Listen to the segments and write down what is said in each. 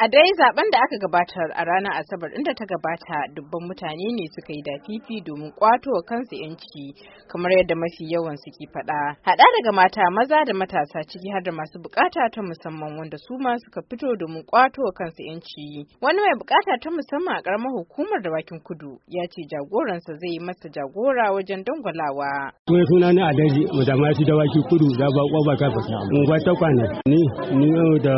A dai zaben da aka gabatar a ranar Asabar inda ta gabata dubban mutane ne suka yi dafifi domin kwato kansu yanci kamar yadda mafi yawan su ke faɗa. Haɗa daga mata maza da matasa ciki har da masu bukata ta musamman wanda su ma suka fito domin kwato kansu yanci. Wani mai bukata ta musamman a karamar hukumar da bakin kudu ya ce jagoransa zai yi masa jagora wajen dangwalawa. Mai suna ni daji, Madamasi da bakin Kudu da ba kwa ba Mun Ungwa ta kwana ni ni da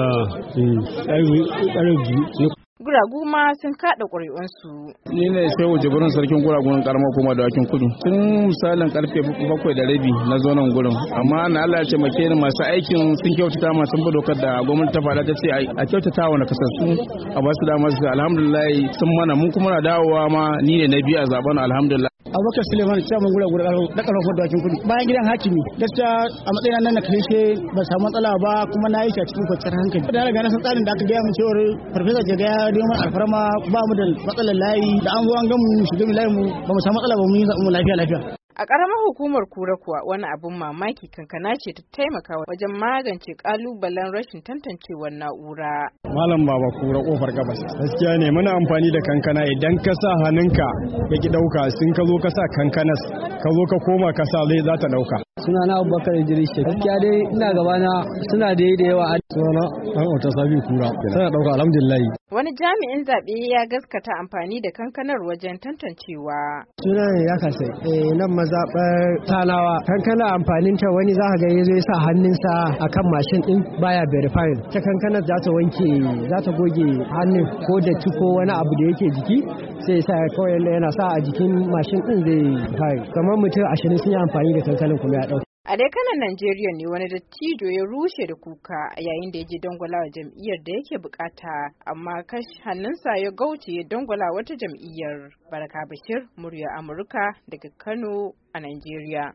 eh, ƙarar biyu guragu ma sun kada ƙuri'unsu. Ni ne sai waje gurin sarkin guragun karamar kuma da wakin kudu. Tun misalin karfe bakwai da rabi na zonan gurin. Amma na Allah ce make masu aikin sun kyautata ma sun dokar da gwamnati ta fada ta ce a kyautata wa nakasassu a basu dama su alhamdulillah sun mana mun kuma na dawowa ma ni ne na biya a zaben alhamdulillah. abubakar suleiman mun gura gura da karfin fadakin kudi bayan gidan hakimi gaskiya a matsayin nan na karshe ba samu matsala ba kuma na yi shi a cikin kwanciyar hankali da riga na san tsarin da aka gaya min cewar farfesa ke gaya neman alfarma ba mu da matsalar layi da an zo an gamu shiga mu layi mu ba mu samu matsala ba mu yi zaɓen lafiya lafiya A ƙaramar hukumar kura kuwa wani abin mamaki kankana ce ta taimaka wajen magance ƙalubalen rashin tantancewar na'ura. Malam baba kura ƙofar gabas. Gaskiya ne muna amfani da kankana idan ka sa hannunka ya ki ɗauka sun ka zo ka sa kankanas ka zo ka koma ka sa zai za ta ɗauka. suna na abubakar idris shi gaskiya dai ina gabana suna da da yawa a sunana dan wata sabi kura suna dauka alhamdulillah wani jami'in zabe ya gaskata amfani da kankanar wajen tantancewa suna ne ya kasa eh nan mazabar talawa kankana amfanin ta wani za ka ga yazo ya sa hannunsa akan mashin din baya verifying ta kankanar za ta wanke za ta goge hannun ko da ko wani abu da yake jiki sai sa kawai yana sa a jikin mashin din zai fari kamar mutum ashirin sun yi amfani da kankanin kuma ya A dai kanan Najeriya ne wani dattijo ya rushe da kuka yayin da ya je dangwala wa jam'iyyar da yake bukata amma kashi hannunsa ya gauce ya dangwala wata jam'iyyar. Baraka Bashir, murya Amurka daga Kano a Najeriya.